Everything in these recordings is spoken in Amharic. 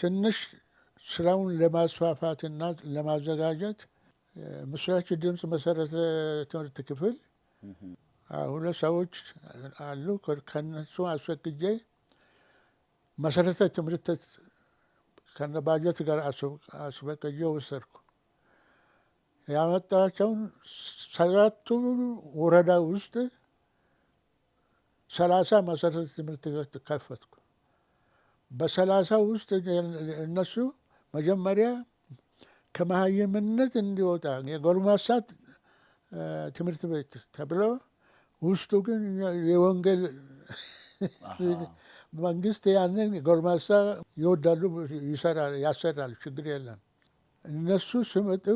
ትንሽ ስራውን ለማስፋፋትና ለማዘጋጀት ምስራች ድምፅ መሰረተ ትምህርት ክፍል ሁለት ሰዎች አሉ። ከነሱ አስፈቅጄ መሰረተ ትምህርት ከነ ባጀት ጋር አስፈቅጄ ወሰድኩ። ያመጣቸውን ሰባቱ ወረዳ ውስጥ ሰላሳ መሰረተ ትምህርት ከፈትኩ። በሰላሳ ውስጥ እነሱ መጀመሪያ ከመሀይምነት እንዲወጣ የጎልማሳት ትምህርት ቤት ተብሎ ውስጡ ግን የወንጌል መንግስት ያንን ጎልማሳ ይወዳሉ፣ ይሰራል፣ ያሰራል፣ ችግር የለም። እነሱ ስመጡ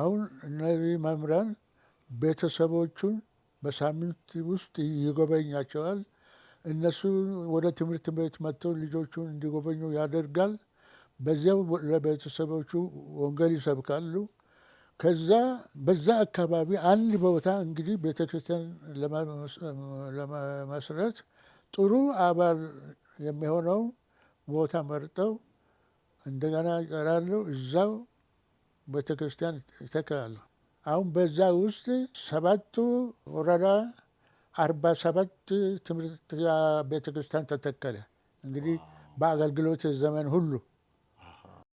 አሁን እነዚህ መምህራን ቤተሰቦቹን በሳምንት ውስጥ ይጎበኛቸዋል። እነሱ ወደ ትምህርት ቤት መጥተው ልጆቹን እንዲጎበኙ ያደርጋል። በዚያው ለቤተሰቦቹ ወንጌል ይሰብካሉ። ከዛ በዛ አካባቢ አንድ ቦታ እንግዲህ ቤተ ክርስቲያን ለመመስረት ጥሩ አባል የሚሆነው ቦታ መርጠው እንደገና ይቀራሉ። እዛው ቤተ ክርስቲያን ይተክላሉ። አሁን በዛ ውስጥ ሰባቱ ወረዳ አርባ ሰባት ትምህርት ቤተክርስቲያን ተተከለ። እንግዲህ በአገልግሎት ዘመን ሁሉ